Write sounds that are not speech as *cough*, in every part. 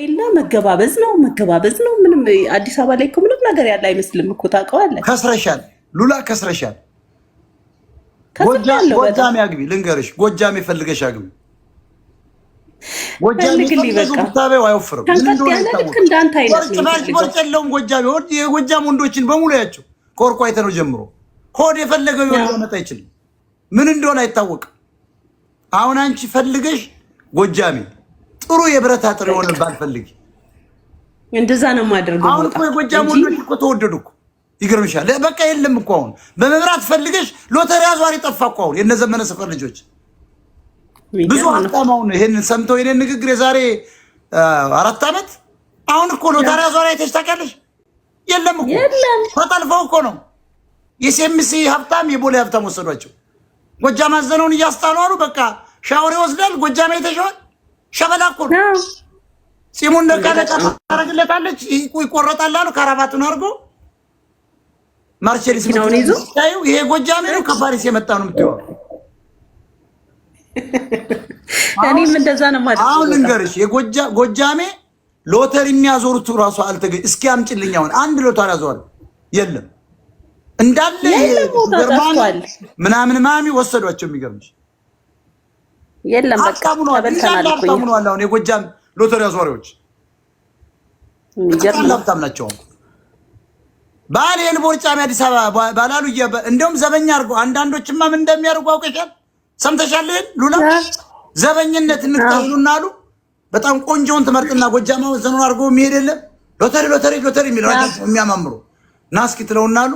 ሌላ መገባበዝ ነው መገባበዝ ነው። ምንም አዲስ አበባ ላይ እኮ ምንም ነገር ያለ አይመስልም እኮ ታውቀዋለህ። ከስረሻል ሉላ ከስረሻል። ጎጃሜ አግቢ ልንገርሽ፣ ጎጃሜ ፈልገሽ አግቢ። ጎጃሜ አይወፍርም። ልክ እንዳንተ አይነት ወርጭ የለውም ጎጃሜ። የጎጃም ወንዶችን በሙሉ ያቸው ኮርኳይተ ነው ጀምሮ ከወድ የፈለገው መጣ ይችላል። ምን እንደሆነ አይታወቅም። አሁን አንቺ ፈልገሽ ጎጃሜ ጥሩ የብረት አጥር የሆነባት ፈልጊ። እንደዛ ነው የማደርገው። አሁን እኮ የጎጃም ወንዶች እኮ ተወደዱ እኮ ይገርምሻል። በቃ የለም እኮ አሁን በመብራት ፈልገሽ ሎተሪ አዟሪ ጠፋ እኮ አሁን ዘመነ ሰፈር ልጆች ብዙ ሀብታም አሁን ይሄን ሰምተው ይሄን ንግግር የዛሬ አራት ዓመት አሁን እኮ ሎተሪ አዟሪ አይተሽ ታውቂያለሽ? የለም እኮ ተጠልፈው እኮ ነው የሴምሲ ሀብታም የቦሌ ሀብታም ወሰዷቸው። ጎጃም አዘነውን እያስጣሉ አሉ። በቃ ሻወር ይወስዳል። ጎጃም አይተሸዋል ሸበላ እኮ ነው። ጺሙን ነቃ ነቃ ታደርግለታለች። ይቆረጣል አሉ ካራባቱን አድርጎ ማርሴሊስ ምናምን ይዞ ይሄ ጎጃሜ ነው ከፓሪስ የመጣ ነው የምትይው። እኔም እንደዛ ነው ማለት አሁን ልንገርሽ የጎጃሜ ሎተሪ የሚያዞሩት ራሱ አልተገ እስኪ አምጪልኝ አሁን አንድ ሎተሪ ያዞራል። የለም እንዳለ ምናምን ማሚ ወሰዷቸው የሚገርምሽ የለም አሁን የጎጃም ሎተሪ አዟሪዎች ሀብታም ናቸው። ባል የልቦርጫም አዲስ አበባ ባላሉ እንደውም ዘበኛ አድርገው አንዳንዶችማ ምን እንደሚያደርጉ አውቀሻል፣ ሉላ ዘበኝነት አሉ። በጣም ቆንጆውን ትመርጥና ጎጃማ አድርገው የሚሄድ የለም ሎተሪ ሎተሪ ሎተሪ የሚለው የሚያማምሩ ናስኪ ትለውና አሉ።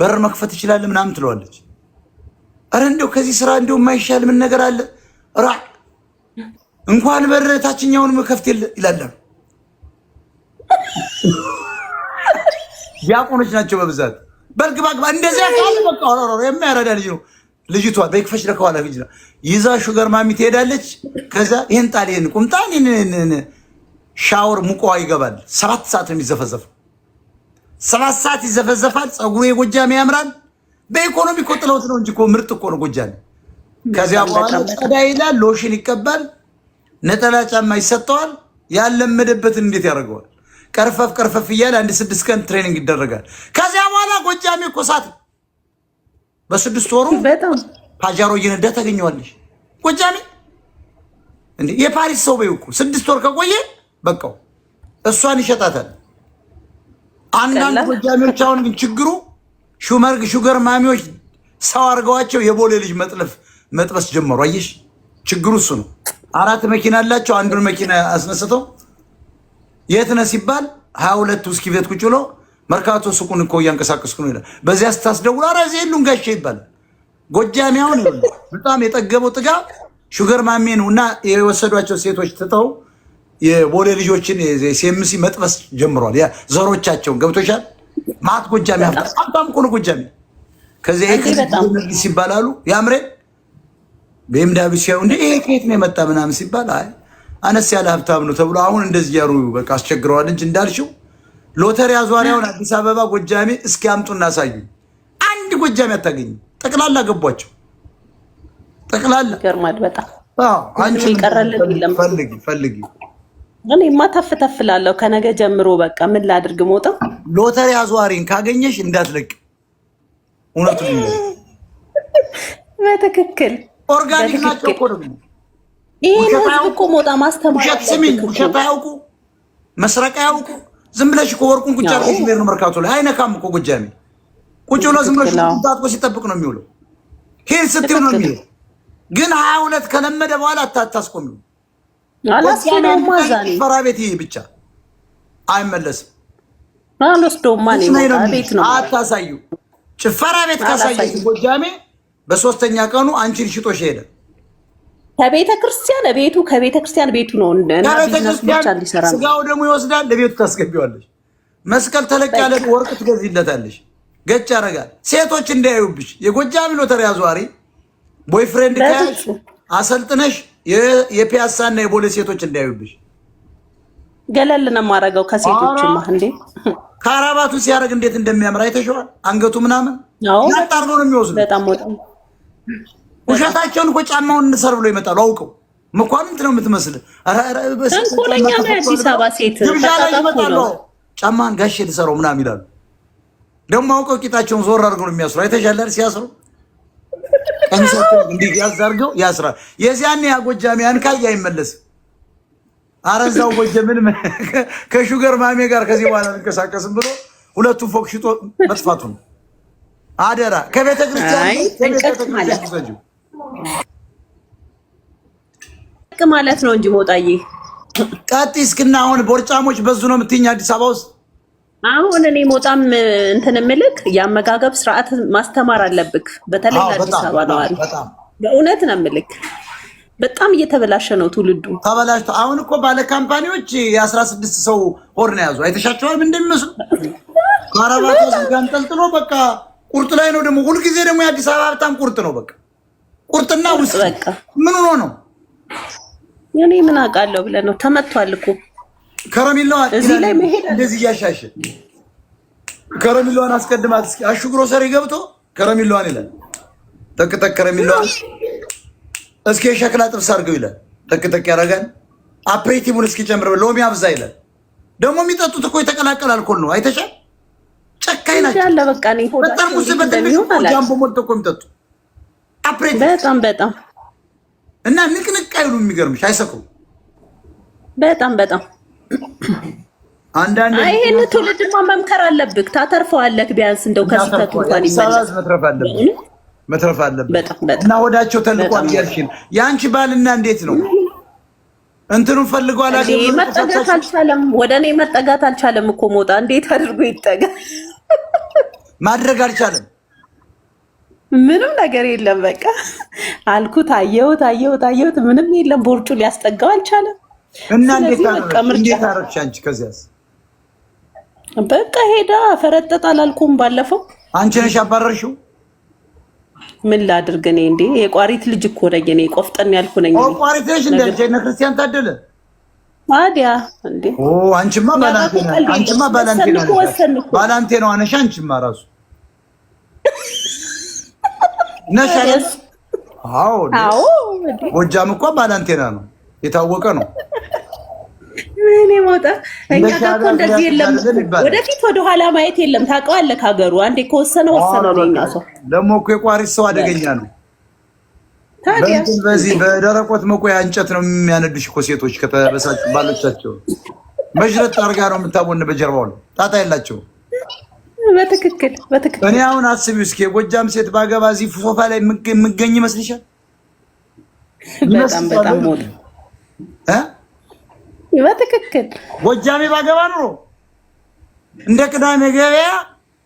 በር መክፈት ይችላል ምናምን ትለዋለች ኧረ እንደው ከዚህ ስራ እንደው የማይሻል ምን ነገር አለ? ራ እንኳን በር ታችኛውንም ከፍት ይላል። ዲያቆኖች ናቸው በብዛት በልግ ባግባ እንደዚያ ካለ በቃ የሚያረዳ ልጅ ነው። ልጅቷ በክፈሽ ለከኋላ ነው ይዛ ሹገር ማሚ ትሄዳለች። ከዛ ይህን ጣል ይህን ቁምጣ ሻወር ሙቀዋ ይገባል። ሰባት ሰዓት ነው የሚዘፈዘፈው። ሰባት ሰዓት ይዘፈዘፋል። ፀጉሩ የጎጃም ያምራል። በኢኮኖሚ እኮ ጥለውት ነው እንጂ ምርጥ እኮ ነው ጎጃሌ። ከዚያ በኋላ ጸዳ ይላል፣ ሎሽን ይቀባል፣ ነጠላ ጫማ ይሰጠዋል። ያለመደበትን እንዴት ያደርገዋል? ቀርፈፍ ቀርፈፍ እያለ አንድ ስድስት ቀን ትሬኒንግ ይደረጋል። ከዚያ በኋላ ጎጃሜ እኮ ሳት በስድስት ወሩ ፓጃሮ እየነዳ ታገኘዋለሽ። ጎጃሜ እንዴ የፓሪስ ሰው በይው እኮ ስድስት ወር ከቆየ በቃው እሷን ይሸጣታል። አንዳንድ ጎጃሜዎች አሁን ግን ችግሩ ሹመርግ ሹገር ማሚዎች ሰው አድርገዋቸው የቦሌ ልጅ መጥለፍ መጥበስ ጀመሩ። አየሽ ችግሩ እሱ ነው። አራት መኪና አላቸው። አንዱን መኪና አስነስተው የት ነህ ሲባል ሀያ ሁለት ውስኪ ቤት ቁጭ ብሎ መርካቶ ሱቁን እኮ እያንቀሳቀስኩ ነው ይላል። በዚያ ስታስደውል ኧረ እዚህ የሉም ጋሼ ይባላል። ጎጃሜ በጣም የጠገበው ጥጋ ሹገር ማሜ ነው እና የወሰዷቸው ሴቶች ትተው የቦሌ ልጆችን ሴምሲ መጥበስ ጀምሯል። ዘሮቻቸውን ገብቶሻል ማት ጎጃሚ ሀብታም ሀብታም እኮ ነው ጎጃሚ። ከዚህ ይሄ ከዚህ ሲባላሉ ያምሬ በምዳብ ሲያዩ እንዴ ይሄ ከየት ነው የመጣ ምናምን ሲባል አይ አነስ ያለ ሀብታም ነው ተብሎ አሁን እንደዚህ ያሩ በቃ አስቸግረዋል እንጂ እንዳልሽው ሎተሪ አዟሪያውን አዲስ አበባ ጎጃሚ እስኪ አምጡና አሳዩ። አንድ ጎጃሚ አታገኝ። ጠቅላላ ገቧቸው። ጠቅላላ ገርማድ በጣም አዎ። አንቺ ይቀርልልኝ ፈልጊ ፈልጊ እኔማ ተፍ ተፍ እላለሁ ከነገ ጀምሮ በቃ ምን ላድርግ ሞተው ሎተሪ አዟሪን ካገኘሽ እንዳትለቅ። እውነቱ በትክክል ኦርጋኒክ ናቸው እኮ ደግሞ ይህን ህዝብ እኮ ሞጣ ማስተማር ውሸት ስሚኝ፣ ውሸት አያውቁ፣ መስረቅ አያውቁ። ዝም ብለሽ እኮ ወርቁን ቁጭ አድርገሽ ነው መርካቶ ላይ አይነካም እኮ ጎጃሜ። ቁጭ ብሎ ዝም ብለሽ ታጥቆ ሲጠብቅ ነው የሚውለው። ሄድ ስትይው ነው የሚለው። ግን ሀያ ሁለት ከለመደ በኋላ አታታስቆሚ አላስኬደውማ ፈራ ቤት ይሄ ብቻ አይመለስም። ቤት አታሳዩ። ጭፈራ ቤት ካሳየች ጎጃሜ በሶስተኛ ቀኑ አንቺን ሽጦሽ ሄደ። ከቤተ ክርስቲያን ቤቱ ከቤተ ክርስቲያን ቤቱ ነው። ስጋው ደግሞ ይወስዳል፣ ለቤቱ ታስገቢዋለሽ። መስቀል ተለቅ ያለ ወርቅ ትገዚለታለች። ገጭ ያደርጋል። ሴቶች እንዳያዩብሽ የጎጃም ሎተሪ አዟሪ ቦይፍሬንድ ከያዝ አሰልጥነሽ የፒያሳና የቦሌ ሴቶች እንዳያዩብሽ ገለል ነው የማደርገው። ከሴቶችማ እንዴ ከአራባቱ ሲያደርግ እንዴት እንደሚያምር አይተሽዋል። አንገቱ ምናምን ያጣር ነው የሚወስዱ። በጣም ውሸታቸውን እኮ ጫማውን እንሰር ብሎ ይመጣሉ። አውቀው መኳንንት ነው የምትመስል ተንኮለኛ ነው። የአዲስ አበባ ሴት ይመጣሉ። ጫማን ጋሼ ልሰረው ምናምን ይላሉ። ደግሞ አውቀው ቂጣቸውን ዞር አድርገው ነው የሚያስሩ። አይተሻላል ሲያስሩ ቀንሰ እንዲህ ያዛርገው ያስራል። የዚያን ያጎጃሚያን ካያ አይመለስም አረዛው ወጀ ምን ከሹገር ማሜ ጋር ከዚህ በኋላ አንንቀሳቀስም ብሎ ሁለቱም ፎቅ ሽጦ መጥፋቱ ነው። አደራ ከቤተ ክርስቲያን ማለት ነው እንጂ ሞጣዬ ቀጥ እስክና አሁን ቦርጫሞች በዙ ነው የምትይኝ አዲስ አበባ ውስጥ። አሁን እኔ ሞጣም እንትን ምልክ የአመጋገብ ስርዓት ማስተማር አለብክ። በተለይ አዲስ አበባ ነዋሪ በእውነት ነው ምልክ በጣም እየተበላሸ ነው ትውልዱ ተበላሽቶ። አሁን እኮ ባለ ካምፓኒዎች የአስራ ስድስት ሰው ሆድ ነው ያዙ። አይተሻቸዋል እንደሚመስሉ ከአረባት ጋር አንጠልጥሎ በቃ ቁርጥ ላይ ነው ደግሞ ሁልጊዜ ደግሞ የአዲስ አበባ በጣም ቁርጥ ነው። በቃ ቁርጥና ውስጥ በቃ ምን ሆኖ ነው እኔ ምን አውቃለሁ ብለህ ነው። ተመቷል እኮ ከረሜላዋ እዚህ ላይ መሄድ እንደዚህ እያሻሸ ከረሜላዋን አስቀድማት እስኪ አሹ ግሮሰሪ ገብቶ ከረሜላዋን ይላል ጠቅጠቅ ከረሜላዋን እስኪ የሸክላ ጥብስ አድርገው ይላል። ጥቅጥቅ ያደርጋል። አፕሬቲሙን እስኪ ጨምር፣ ሎሚ አብዛ ይላል። ደግሞ የሚጠጡት እኮ የተቀላቀለ አልኮል ነው። አይተሻል። ጨካኝ ናቸው። በጣም ውስ በትንሽ ጃምቦ ሞልቶ እኮ የሚጠጡ አፕሬቲ በጣም በጣም እና ንቅንቅ አይሉ የሚገርምሽ፣ አይሰክሩም። በጣም በጣም አንዳንድ ይሄን ትውልድማ መምከር አለብክ። ታተርፈዋለክ ቢያንስ እንደው ከስተቱ እንኳን ይመለስ መትረፍ አለበት እና ወዳቸው ተልቋል እያልሽን የአንቺ ባልና እንዴት ነው እንትኑን ፈልጎ አላገኘም። መጠጋት አልቻለም፣ ወደ እኔ መጠጋት አልቻለም እኮ ሞጣ። እንዴት አድርጎ ይጠጋ? ማድረግ አልቻለም። ምንም ነገር የለም። በቃ አልኩት፣ አየሁት፣ አየሁት፣ አየሁት፣ ምንም የለም። ቦርጩ ሊያስጠጋው አልቻለም። እና እንዴት አደረግሽ አንቺ? ከዚያስ በቃ ሄዳ ፈረጠጥ አላልኩም። ባለፈው አንቺ ነሽ አባረርሽው። ምን ላድርግ እኔ እንዴ? የቋሪት ልጅ እኮ ነኝ እኔ፣ ቆፍጠን ያልኩ ነኝ። ቋሪት ነሽ እንደ እነ ክርስቲያን ታደለ ታዲያ። እንዴ አንቺማ አንቺማ ባላንቴና ነው ነሽ አንቺማ ራሱ *laughs* ነሽ አዎ አዎ፣ ጎጃም እኮ ባላንቴና ነው፣ የታወቀ ነው። እኔ ሞታ እኛ ጋር እኮ እንደዚህ የለም። ወደፊት ወደኋላ ማየት የለም። ታውቀዋለህ፣ ከሀገሩ አንዴ ከወሰነ ወሰነ ነው። እኛ ሰው ደግሞ እኮ የቋሪት ሰው አደገኛ ነው። በእንትን በዚህ በደረቆት መቆያ እንጨት ነው የሚያነዱሽ እኮ ሴቶች ከተበሳጩ ባሎቻቸው መሽረጥ አድርጋ ነው የምታቦን። በጀርባው ነው ጣጣ የላቸው። በትክክል በትክክል። እኔ አሁን አስቢው እስኪ የጎጃም ሴት ባገባ እዚህ ፎፋ ላይ የምገኝ ይመስልሻል? በጣም በጣም ሞት በትክክል ጎጃሜ ባገባ ኑሮ እንደ ቅዳሜ ገበያ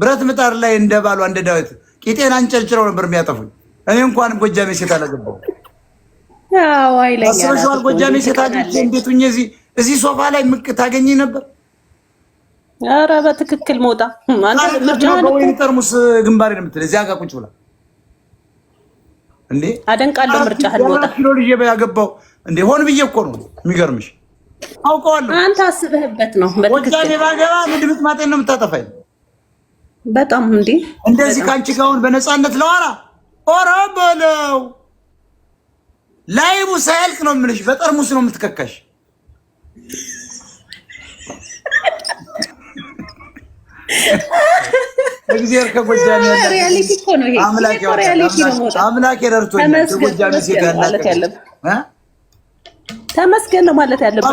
ብረት ምጣድ ላይ እንደ ባሏ እንደ ዳዊት ቂጤን አንጨርጭረው ነበር የሚያጠፉኝ። እኔ እንኳን ጎጃሜ ሴት አላገባሁም። አስበሽዋል? ጎጃሜ ሴት አግኝቼ እንዴት ሁኜ እዚህ እዚህ ሶፋ ላይ ምቅ ታገኘኝ ነበር። ኧረ በትክክል ወይን ጠርሙስ ግንባሬ ነው የምትል እዚያ ጋር ቁጭ ብላ እንዴ አደንቃለሁ ምርጫህን ሞጣ ኪሎ ልጅ ያገባው እንዴ ሆን ብዬ እኮ ነው የሚገርምሽ አውቀዋለሁ። አንተ አስበህበት ነው። ወጃኔ ባገባ ንድ ብትማጤን ነው የምታጠፋኝ። በጣም እንዲ እንደዚህ ከአንቺ ጋር በነፃነት ለኋላ ኦረ በለው ላይቡ ሳያልቅ ነው የምልሽ። በጠርሙስ ነው የምትከከሽ እግዚአብሔር ከጎጃሜ አምላክ ረድቶኛል። ከጎጃሜ ሴት ያላት ተመስገን ነው ማለት ያለብህ።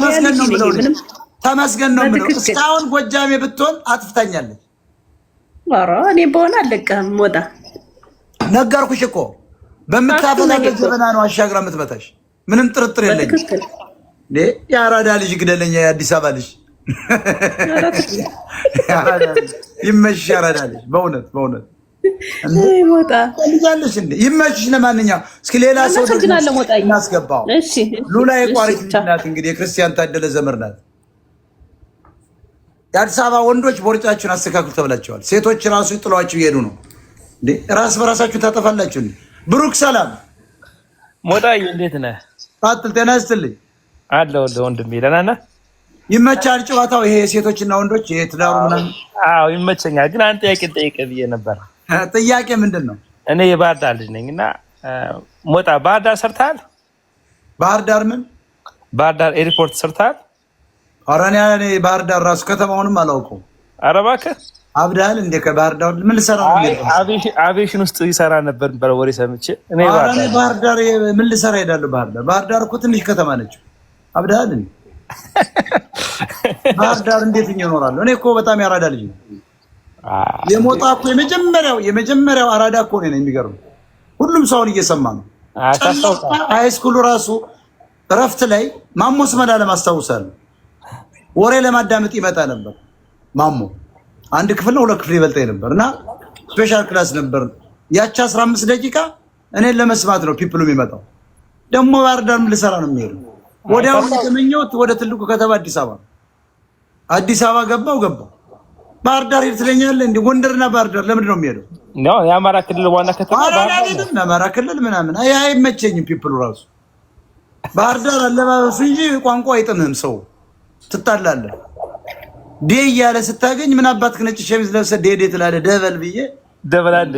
ተመስገን ነው የምለው። እስካሁን ጎጃሜ ብትሆን አጥፍታኛለች። ኧረ እኔ በሆነ አለቀህም። ወጣ ነገርኩሽ እኮ በምታፈላለ ጀበና ነው አሻግራ የምትመታሽ። ምንም ጥርጥር የለኝ። የአራዳ ልጅ ግደለኛ፣ የአዲስ አበባ ልጅ ይመሽ። የአራዳ ልጅ በእውነት በእውነት ሞጣልጃለሽ እንደ ይመችሽ። ለማንኛውም እስኪ ሌላ ሰው እናስገባው። ሉላ የቋሪት ናት እንግዲህ የክርስቲያን ታደለ ዘመር ናት። የአዲስ አበባ ወንዶች ቦርጫችሁን አስተካክሉ ሴቶች ራሱ ጥለዋችሁ እየሄዱ ነው። ራስ በራሳችሁ ታጠፋላችሁ። ብሩክ ሰላም ሞጣዬ፣ እንዴት ነህ? ጤና ይስጥልኝ ወንድሜ፣ ደህና ነህ? ይመቻል ጨዋታው ይሄ የሴቶችና ወንዶች የትዳሩ ምናምን? አዎ ይመቸኛል። ግን አንድ ጥያቄ ጠይቀህ ብዬ ነበር ጥያቄ ምንድን ነው? እኔ የባህር ዳር ልጅ ነኝ እና ሞጣ ባህር ዳር ሰርተሃል? ባህር ዳር ምን ባህር ዳር ኤርፖርት ሰርተሃል? ኧረ እኔ ባህር ዳር ራሱ ከተማውንም አላውቀው። ኧረ እባክህ አብዳል እንደ ከባህር ዳር ምን ልሰራ ነው? አቪዬሽን ውስጥ ይሰራ ነበር ወሬ ሰምቼ። እኔ ባህር ዳር ምን ልሰራ ሄዳለሁ? ባህር ዳር ባህር ዳር እኮ ትንሽ ከተማ ነች። አብዳል *laughs* ባህር ዳር እንዴት እኖራለሁ? እኔ እኮ በጣም ያራዳ ልጅ ነው። የሞጣ እኮ የመጀመሪያው የመጀመሪያው አራዳ እኮ ነው። የሚገርም ሁሉም ሰውን እየሰማ ነው። ሃይስኩሉ ራሱ እረፍት ላይ ማሞ ስመዳ ለማስታውሳለሁ ወሬ ለማዳመጥ ይመጣ ነበር። ማሞ አንድ ክፍል ነው ሁለት ክፍል ይበልጠኝ ነበር እና ስፔሻል ክላስ ነበር። ያቺ 15 ደቂቃ እኔን ለመስማት ነው ፒፕሉ የሚመጣው። ደግሞ ባህርዳርም ልሰራ ነው የሚሄዱ። ወዲያው የተመኘሁት ወደ ትልቁ ከተማ አዲስ አበባ አዲስ አበባ ገባው ገባው ባህር ዳር ሄድ ትለኛለህ። እንደ ጎንደርና ባህር ዳር ለምንድን ነው የሚሄደው? የአማራ ክልል ዋና ከተማ አማራ ክልል ምናምን አይመቸኝም። ፒፕሉ ራሱ ባህር ዳር አለባበሱ እንጂ ቋንቋ አይጥምህም። ሰው ትጣላለህ። ዴ እያለ ስታገኝ ምን አባትህ ነጭ ሸሚዝ ለብሰህ ዴ ዴ ትላለህ። ደበል ብዬ ደበል አለ።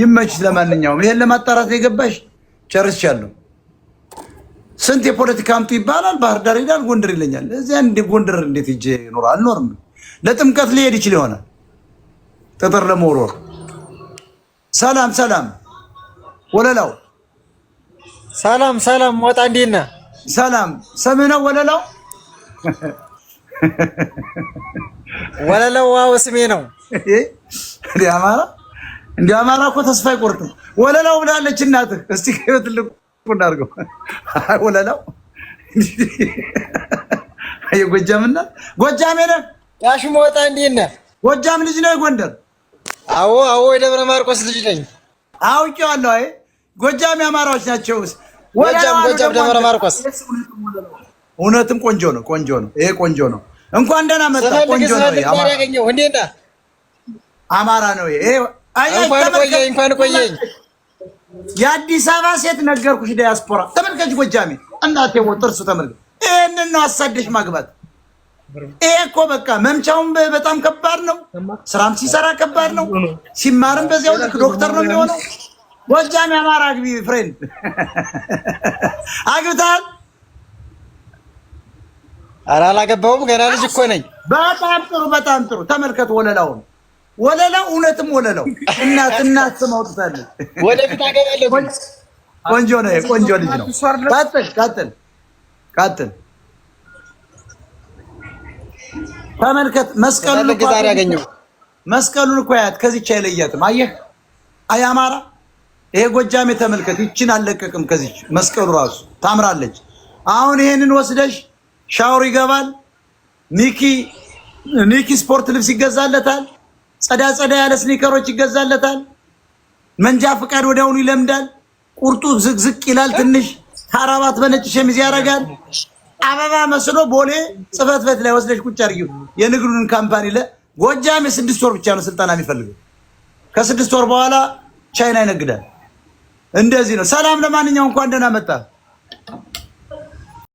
ይመችሽ። ለማንኛውም ይሄን ለማጣራት የገባሽ ጨርሻለሁ። ስንት የፖለቲካ አምጡ ይባላል። ባህር ዳር ይላል፣ ጎንደር ይለኛል። እዚያ እንደ ጎንደር እንዴት ሂጅ ኖር አልኖርም ለጥምቀት ሊሄድ ይችል ይሆናል። ጠጠር ለመወርወር ሰላም ሰላም፣ ወለላው ሰላም ሰላም፣ ሞጣ እንዴት ነህ? ሰላም ስምህ ነው ወለላው? ወለላው ዋው ስሜ ነው። እንደ አማራ እንደ አማራ እኮ ተስፋ አይቆርጥም። ወለላው ብላለች እናትህ። እስቲ ከህይወት ልቁ እንዳርገው ወለላው የጎጃም እናት ጎጃም ሄደህ ያሽ ያሽሞጣ እንዴት ነህ? ጎጃም ልጅ ነው? ጎንደር? አዎ አዎ፣ የደብረ ማርቆስ ልጅ ነኝ። አውቄዋለሁ። አይ ጎጃም የአማራዎች ናቸው። ጎጃም ጎጃም ደብረ ማርቆስ። እውነትም ቆንጆ ነው፣ ቆንጆ ነው። ይሄ ቆንጆ ነው። እንኳን ደህና መጣ። ቆንጆ ነው። አማራ ያገኘው እንዴት ነህ? አማራ ነው። ይሄ አይ እንኳን ቆየኝ፣ እንኳን ቆየኝ። የአዲስ አበባ ሴት ነገርኩሽ፣ ዲያስፖራ ተመልከች። ጎጃሜ እናቴ ወጥርሱ ተመልከች። ይሄንን ነው አሳደሽ ማግባት ይሄ እኮ በቃ መምቻውም በጣም ከባድ ነው። ስራም ሲሰራ ከባድ ነው። ሲማርም በዚያው ልክ ዶክተር ነው የሚሆነው። ጎጃም ያማር አግቢ ፍሬንድ አግብታል። ኧረ አላገባሁም ገና ልጅ እኮ ነኝ። በጣም ጥሩ በጣም ጥሩ። ተመልከት ወለላውን ወለላው እውነትም ወለላው እናት እናት ስም አውጥታለች። ወደፊት አገባለሁ። ቆንጆ ነው። ቆንጆ ልጅ ነው። ቀጥል ቀጥል ቀጥል ተመልከት። መስቀሉን እኮ ዛሬ ያገኘው መስቀሉን እኮ ያት ከዚች አይለያትም። አየህ አይ አማራ፣ ይሄ ጎጃሜ ተመልከት። ይችን አልለቀቅም ከዚች መስቀሉ ራሱ ታምራለች። አሁን ይሄንን ወስደሽ ሻወር ይገባል። ሚኪ ሚኪ ስፖርት ልብስ ይገዛለታል። ጸዳ ጸዳ ያለ ስኒከሮች ይገዛለታል። መንጃ ፈቃድ ወዲያውኑ ይለምዳል። ቁርጡ ዝቅዝቅ ይላል። ትንሽ ታራባት በነጭ ሸሚዝ ያደርጋል። አበባ መስሎ ቦሌ ጽፈት ቤት ላይ ወስደሽ ቁጭ አድርጊው። የንግዱን ካምፓኒ ለጎጃም የስድስት ወር ብቻ ነው ስልጠና የሚፈልገው። ከስድስት ወር በኋላ ቻይና ይነግዳል። እንደዚህ ነው። ሰላም፣ ለማንኛውም እንኳን ደህና መጣ።